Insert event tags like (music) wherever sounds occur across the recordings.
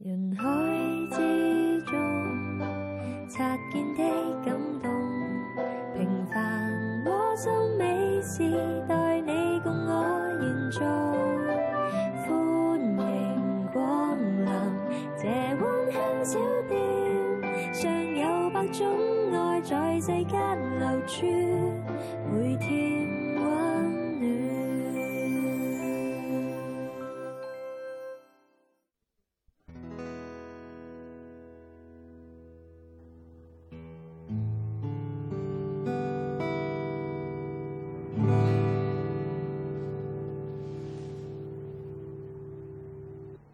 人海之中，擦肩的感動，平凡我心美時，美事待你共我延續。歡迎光臨這溫馨小店，尚有百種愛在世間流轉。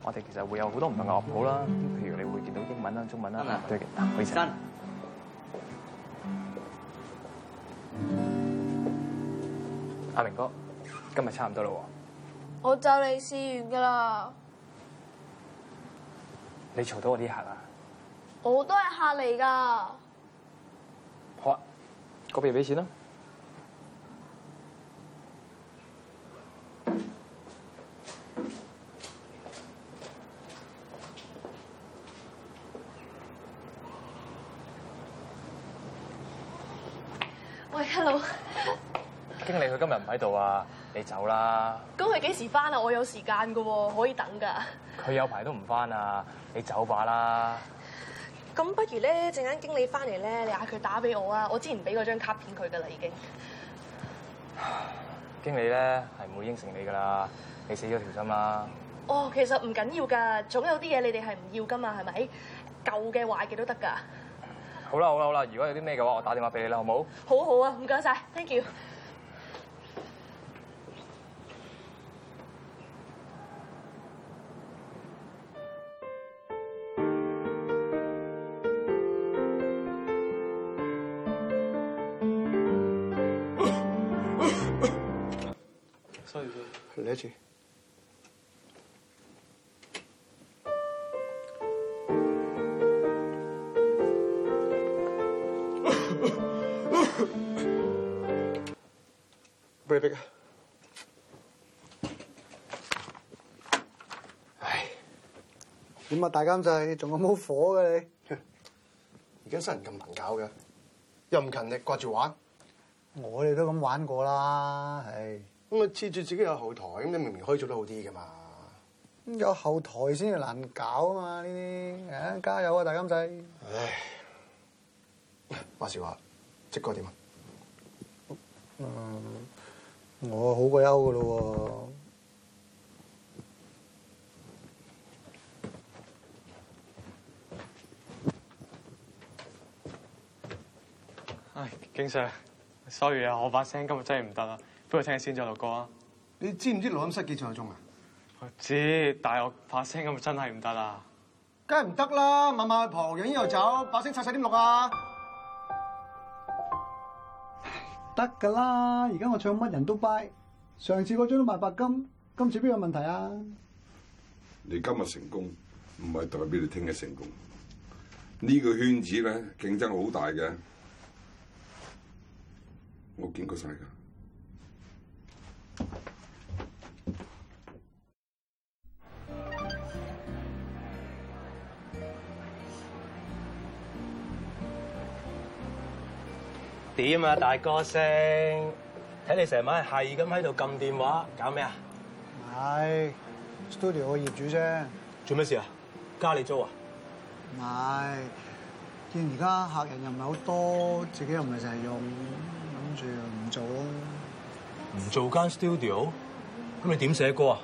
我哋其實會有好多唔同嘅樂譜啦，譬如你會見到英文啦、中文啦、嗯，對嘅。起身。阿明哥，今日差唔多咯。我就嚟試完噶啦。你嘈到我啲客啦？我都係客嚟噶。好啊，嗰邊俾錢啦。hello， (laughs) 經理佢今日唔喺度啊，你走啦。咁佢幾時翻啊？我有時間噶，可以等噶。佢有排都唔翻啊，你走吧啦。咁不如咧，陣間經理翻嚟咧，你嗌佢打俾我啊。我之前俾嗰張卡片佢噶啦，已經。經理咧係唔會應承你噶啦，你死咗條心啦。哦，其實唔緊要噶，總有啲嘢你哋係唔要噶嘛，係咪？舊嘅壞嘅都得噶。好啦好啦好啦，如果有啲咩嘅話，我打電話俾你啦，好唔好？好啊好啊，唔該曬，Thank you。Sorry。咁啊，大監製，仲有冇火嘅、啊、你，而家新人咁難搞嘅，又唔勤力，掛住玩，我哋都咁玩過啦，唉。咁啊，黐住自己有後台，咁你明明可以做得好啲噶嘛。咁有後台先至難搞啊嘛，呢啲。啊，加油啊，大監製。唉，話時話，職哥點啊？嗯，我好過休噶咯喎。Joe Sir，sorry 啊，我把聲今日真係唔得啦，不如聽下先再錄歌啊。你知唔知錄音室幾多鐘啊？我知，但係我把聲今日真係唔得啦。梗係唔得啦，晚晚蒲，又煙又酒，把聲刷晒點錄啊？得噶啦，而家我唱乜人都敗，上次嗰張都賣白金，今次邊有問題啊？你今日成功唔係代表你聽日成功，呢個圈子咧競爭好大嘅。我見過晒㗎。點啊，大歌星？睇你成晚係咁喺度撳電話，搞咩啊？唔係，studio 嘅業主啫。做咩事啊？加你租啊？唔係，見而家客人又唔係好多，自己又唔係成日用。跟住又唔做啦，唔做間 studio，咁你點寫歌啊？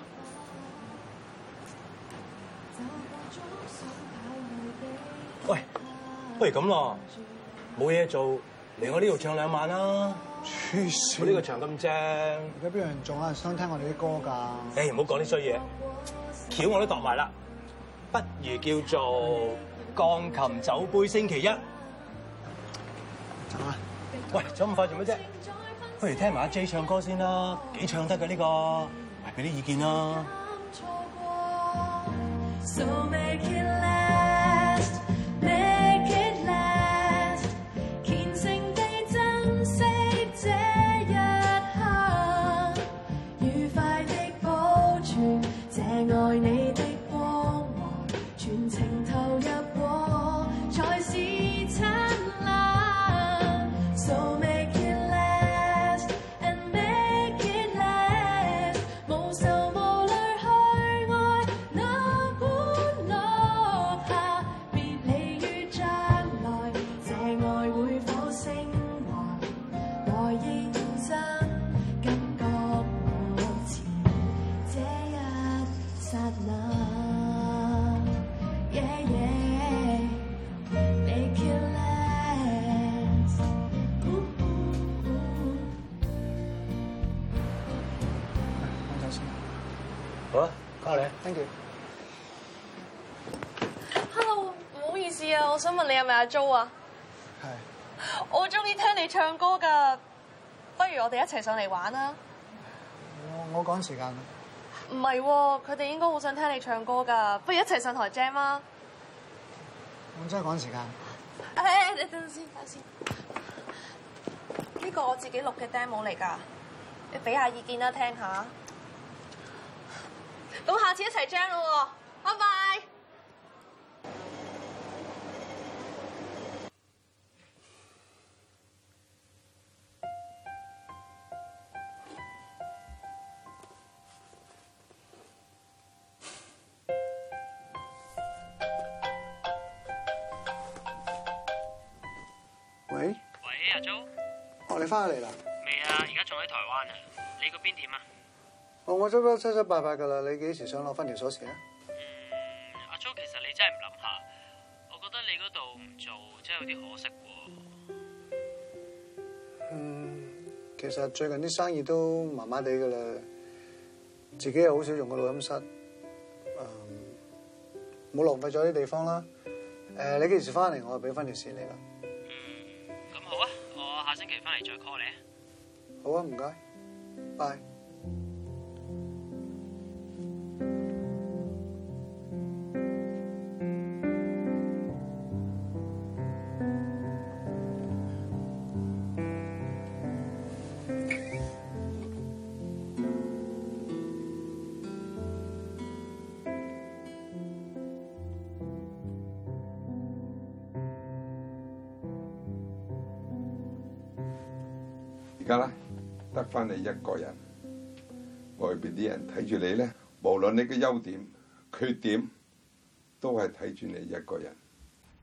喂，不如咁咯，冇嘢做，嚟我呢度唱兩晚啦！黐線，呢個場咁正，而家邊有人仲有人想聽我哋啲歌㗎？誒、哎，唔好講啲衰嘢，橋我都度埋啦，不如叫做鋼琴酒杯星期一。喂，走咁快做咩啫？不如聽埋阿 J 唱歌先啦，幾唱得㗎呢個，咪俾啲意見啦。嗯 Hello，唔好意思啊，我想問你係咪阿 Joe 啊？係。我中意聽你唱歌㗎，不如我哋一齊上嚟玩啊！我我趕時間。唔係，佢哋應該好想聽你唱歌㗎，不如一齊上台 jam 啊！我真係趕時間。誒，你等先，等先。呢個我自己錄嘅 demo 嚟㗎，你俾下意見啦，聽下。咁下次一齊張咯，拜拜。喂？喂，阿 Joe。哦，你翻嚟啦？未啊，而家仲喺台灣啊。你嗰邊點啊？我我執得七七八八噶啦，你幾時想攞翻條鎖匙啊？嗯，阿 Joe，其實你真係唔諗下，我覺得你嗰度唔做，真係有啲可惜喎。嗯，其實最近啲生意都麻麻地噶啦，自己又好少用個錄音室，嗯，冇浪費咗啲地方啦。誒，你幾時翻嚟，我就俾翻條線你啦。嗯，咁好啊，我下星期翻嚟再 call 你啊。好啊，唔該，拜拜。而家咧，得翻你一個人，外邊啲人睇住你咧，無論你嘅優點、缺點，都係睇住你一個人。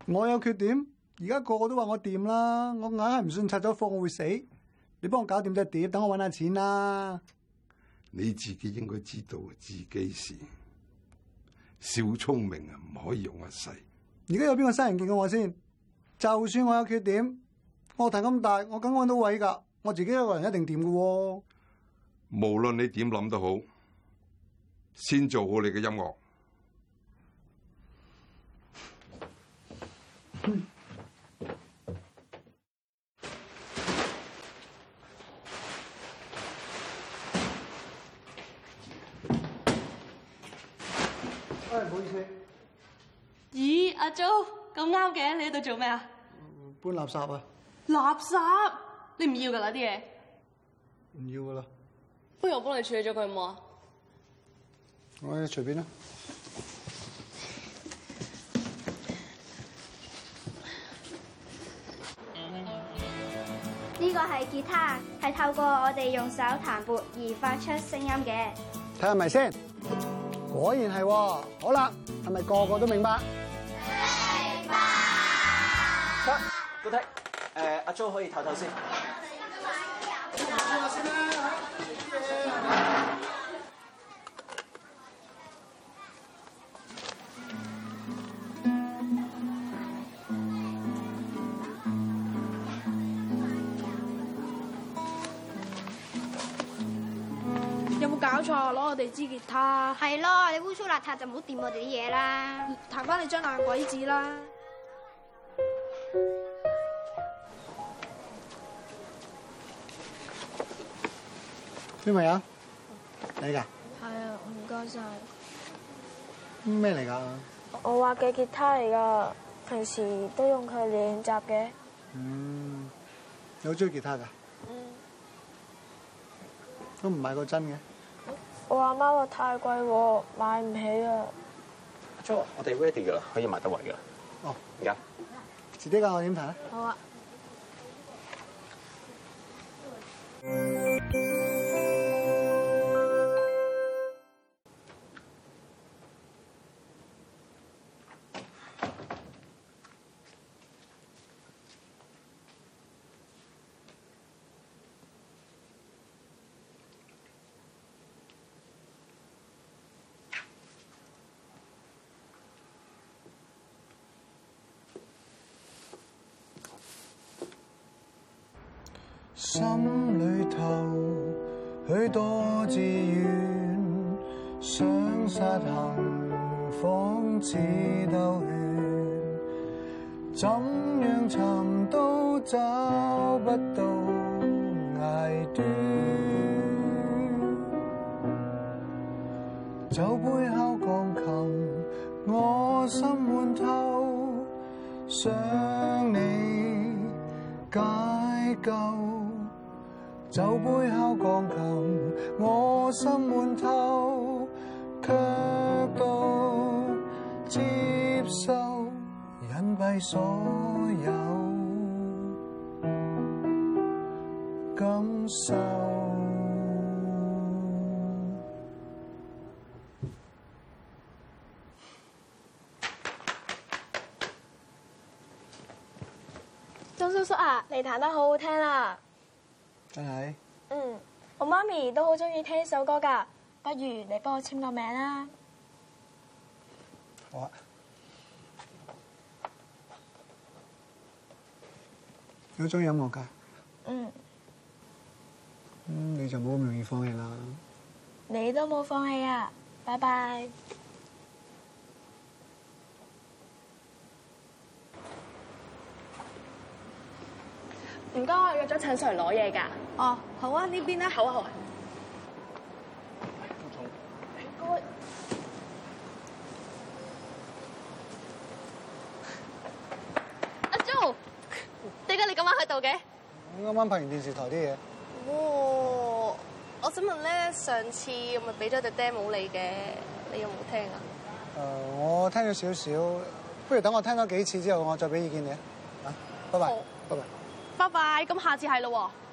我有缺點，而家個個都話我掂啦。我硬係唔信拆咗貨我會死，你幫我搞掂隻碟，等我搵下錢啦。你自己應該知道自己事。小聰明啊，唔可以用一世。而家有邊個新人見過我先？就算我有缺點，我台咁大，我梗揾到位噶。我自己一個人一定掂嘅喎。無論你點諗都好，先做好你嘅音樂。哎，唔好意思。咦，阿 Joe 咁啱嘅，你喺度做咩啊？搬垃圾啊。垃圾？你唔要噶啦啲嘢，唔要噶啦。不如我幫你處理咗佢好冇啊？我隨便啦。呢個係吉他，係透過我哋用手彈撥而發出聲音嘅。睇下係咪先？果然係。好啦，係咪個個都明白明白？好，睇！誒、呃，阿 Jo 可以唞唞先。嗯嗯、有冇搞錯？攞我哋支吉他？係咯，你污糟邋遢就唔好掂我哋啲嘢啦。彈翻你張爛鬼子啦！小朋啊，你噶？係啊，唔該晒。咩嚟噶？我畫嘅吉他嚟噶，平時都用佢練習嘅。嗯，你好中意吉他噶？嗯。都唔買過真嘅？我阿媽話太貴，買唔起啊。阿 Joe，我哋 ready 噶啦，可以埋得圍噶啦。哦，而家，自己教我點彈？好啊。嗯心裏頭許多志願，想實行，仿似兜圈，怎樣尋都找不到崖端。酒杯敲鋼琴，我心滿透，想你解救。酒杯敲鋼琴，我心悶透，卻都接受隱蔽所有感受。張叔叔啊，你彈得好好聽啊。真係，嗯，我媽咪都好中意聽呢首歌噶，不如你幫我簽個名啦。好啊，你中意音樂噶，嗯，你就冇咁容易放棄啦。你都冇放棄啊，拜拜。唔該，我約咗陳 Sir 攞嘢㗎。哦，好啊，呢邊呢？好啊，好啊。阿 Jo，點解你今晚喺度嘅？我啱啱拍完電視台啲嘢。哦，我想問咧，上次我咪俾咗隻 demo 你嘅，你有冇聽啊？誒，我聽咗少少，不如等我聽咗幾次之後，我再俾意見你啊。啊，拜拜，拜拜。拜拜，咁下次係咯喎。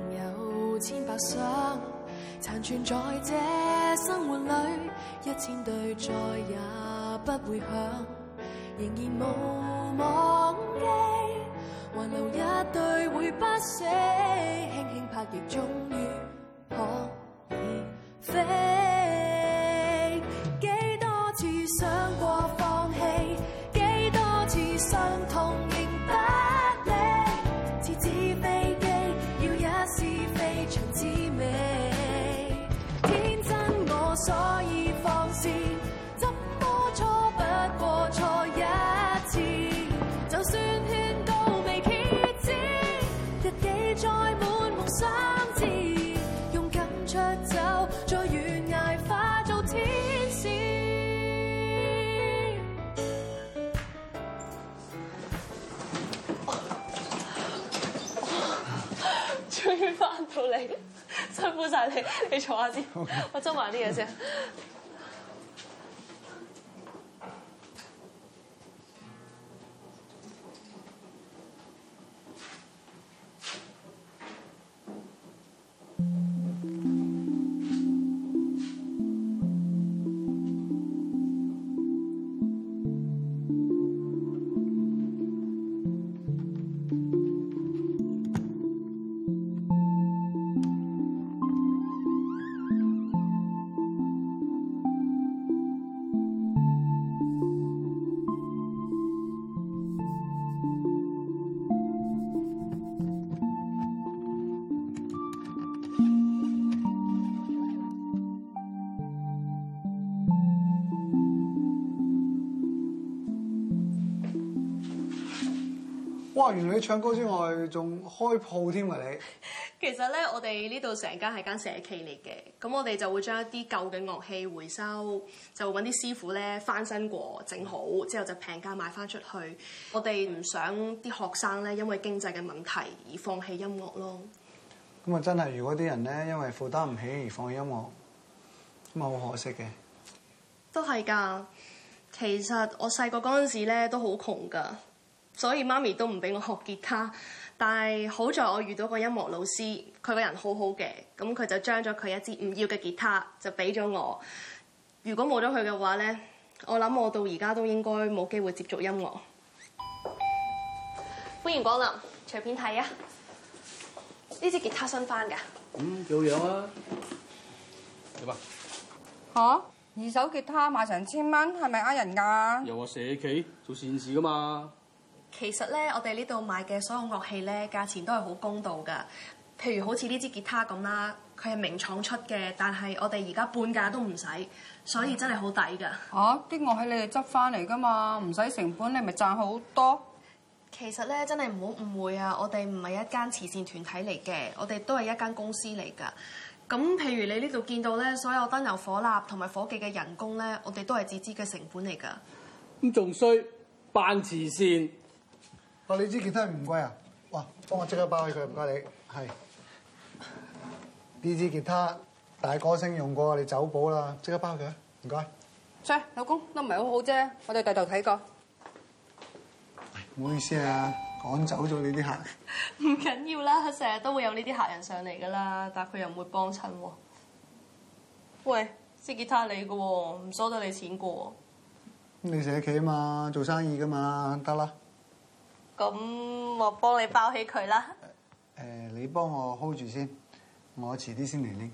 千百雙殘存在這生活裏，一千對再也不會響，仍然無忘記，還留一對會不死，輕輕拍翼。翻到嚟辛苦晒，你，你坐下先，okay。我執埋啲嘢先。 (laughs) 除咗唱歌之外，仲 (laughs) 開鋪添啊你。其實咧，我哋呢度成間係間社企嚟嘅，咁我哋就會將一啲舊嘅樂器回收，就搵啲師傅咧翻新過，整好之後就平價賣翻出去。我哋唔想啲學生咧因為經濟嘅問題而放棄音樂咯。咁啊，真係如果啲人咧因為負擔唔起而放棄音樂，咁啊好可惜嘅。都係㗎。其實我細個嗰陣時咧都好窮㗎。所以媽咪都唔俾我學吉他，但係好在我遇到個音樂老師，佢個人好好嘅，咁佢就將咗佢一支唔要嘅吉他就俾咗我。如果冇咗佢嘅話咧，我諗我到而家都應該冇機會接觸音樂。歡迎光臨，隨便睇啊！呢支吉他新翻㗎，咁、嗯、幾好樣啊！點啊？吓，二手吉他賣成千蚊，係咪呃人㗎？又話社企做善事㗎嘛～其實咧，我哋呢度買嘅所有樂器咧，價錢都係好公道㗎。譬如好似呢支吉他咁啦，佢係名廠出嘅，但係我哋而家半價都唔使，所以真係好抵㗎。嚇、啊！啲樂器你哋執翻嚟㗎嘛，唔使成本，你咪賺好多。其實咧，真係唔好誤會啊！我哋唔係一間慈善團體嚟嘅，我哋都係一間公司嚟㗎。咁譬如你呢度見到咧，所有燈油火蠟同埋夥計嘅人工咧，我哋都係自資嘅成本嚟㗎。咁仲衰，扮慈善。哦，你支吉他唔貴啊！哇，幫我即刻包起佢，唔該你。係呢支吉他，大歌星用過，我哋走寶啦，即刻包佢，唔該。s 老公都唔係好好啫，我哋第二度睇過。唔好意思啊，趕走咗你啲客人。唔緊要啦，成日都會有呢啲客人上嚟噶啦，但係佢又唔會幫襯喎。喂，支吉他你嘅喎，唔收得你錢嘅喎。你成日企啊嘛，做生意嘅嘛，得啦。咁我幫你包起佢啦，呃。你幫我 hold 住先，我遲啲先嚟拎。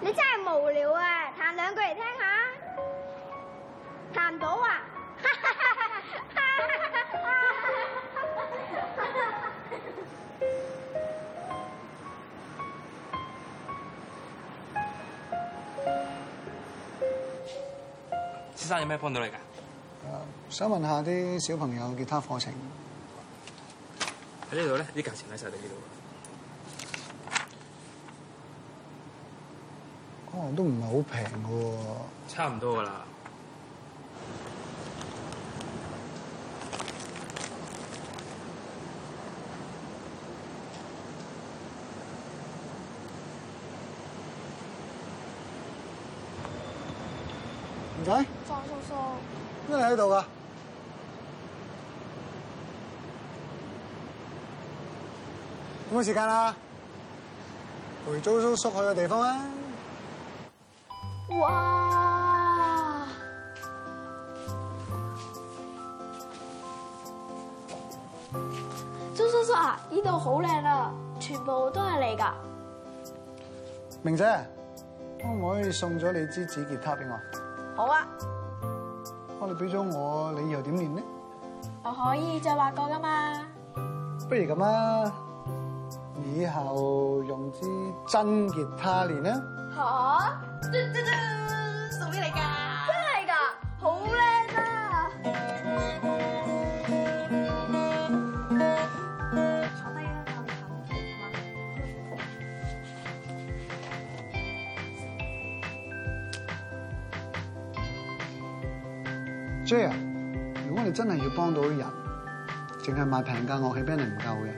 你真係無聊啊！彈兩句嚟聽下。彈到啊！先生，有咩幫到你㗎？想問啲小朋友結他課程喺呢度咧，啲價錢喺曬的幾多？哦，都唔係好平嘅喎。差唔多噶啦。唔該。邊度喺度噶？冇時間啦，陪周叔叔去個地方啦。哇！周叔叔啊，呢度好靚啊，全部都係你噶。明仔，可唔可以送咗你支指結他俾我？好啊。你俾咗我，你以後點練呢？我可以再畫過㗎嘛？不如咁啊，以後用支真結他練啦。嚇、啊！如果你真係要幫到人，淨係買平價樂器俾你唔夠嘅。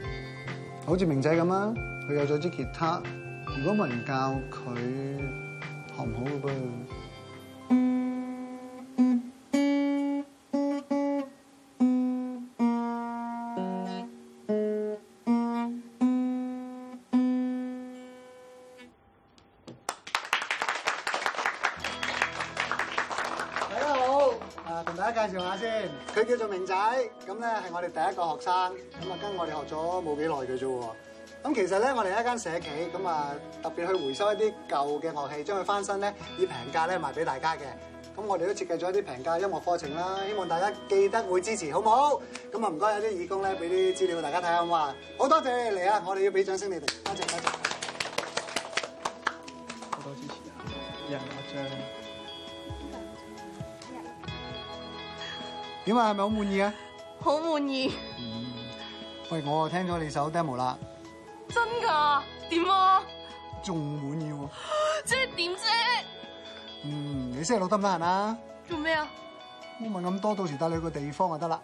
好似明仔咁啊，佢有咗支吉他，如果冇人教佢學唔好嘅噃。介紹下先，佢叫做明仔，咁咧係我哋第一個學生，咁啊跟我哋學咗冇幾耐嘅啫喎。咁其實咧，我哋係一間社企，咁啊特別去回收一啲舊嘅樂器，將佢翻身咧以平價咧賣俾大家嘅。咁我哋都設計咗一啲平價音樂課程啦，希望大家記得會支持，好唔好？咁啊唔該，有啲義工咧俾啲資料大家睇下，哇！好多謝你嚟啊，我哋要俾掌聲你哋，多謝多謝。好多支持啊，一人一張。點啊，係咪好滿意啊？好滿意。嗯，喂，我聽咗你首 demo 啦。真噶？點啊？仲滿意喎。即係點啫？嗯，你星期六得唔得閒啊？做咩啊？唔問咁多，到時帶你去個地方就得啦。